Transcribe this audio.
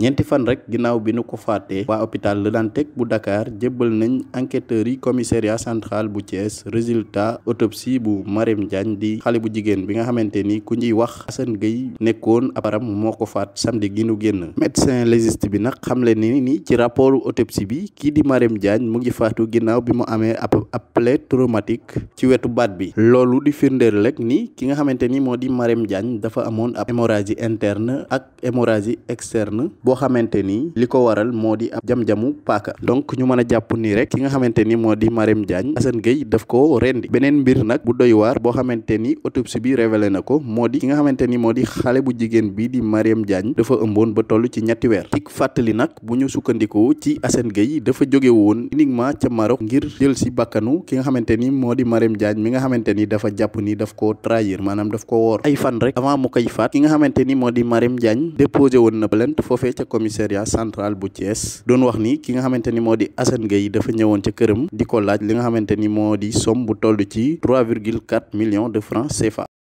ñeenti fan rek ginnaaw bi nu ko faatee waa hôpital Le Dantec bu dakaar jébbal nañ enquêteurs yi commissariat central bu Thiès résultat autopsie bu Marème Diagne di xale bu jigéen bi nga xamante ni ku ñuy wax Assane Gueye nekkoon aparam moo ko faat samedi gi nu génn médecin légiste bi nag xamle ni ni ci rapport autopsie bi kii di Marème Diagne mu ngi faatu ginnaaw bi mu amee ab ab plaie traumatique ci wetu baat bi loolu di firndeel rek ni ki nga xamante ni moo di Marème Diagne dafa amoon ab hémorragie interne ak hémorragie externe boo xamante ni li ko waral moo di ab jam-jamu paaka donc ñu mën a jàpp nii rek ki nga xamante ni moo di Marème Diagne Assane Gueye daf ko rendi beneen mbir nag bu doy waar boo xamante ni autopsie bi révélé na ko moo di ki nga xamante ni moo di xale bu jigéen bii di Marème Diagne dafa ëmboon ba toll ci ñetti weer ci fàttali nag bu ñu sukkandiku ci Assane Gueye dafa joge woon uniquement ca Maroc ngir jël si bakkanu ki nga xamante ni moo di Marème Diagne mi nga xamante ni dafa jàpp ni daf ko trahir maanaam daf ko woor ay fan rek avant mu woon na plainte foofee foofee ca commissariat central bu cees doon wax ni ki nga xamante ni moo di Assane Gueye dafa ñëwoon ca këram di ko laaj li nga xamante ni moo di somme bu toll ci 3,4 millions de francs CFA.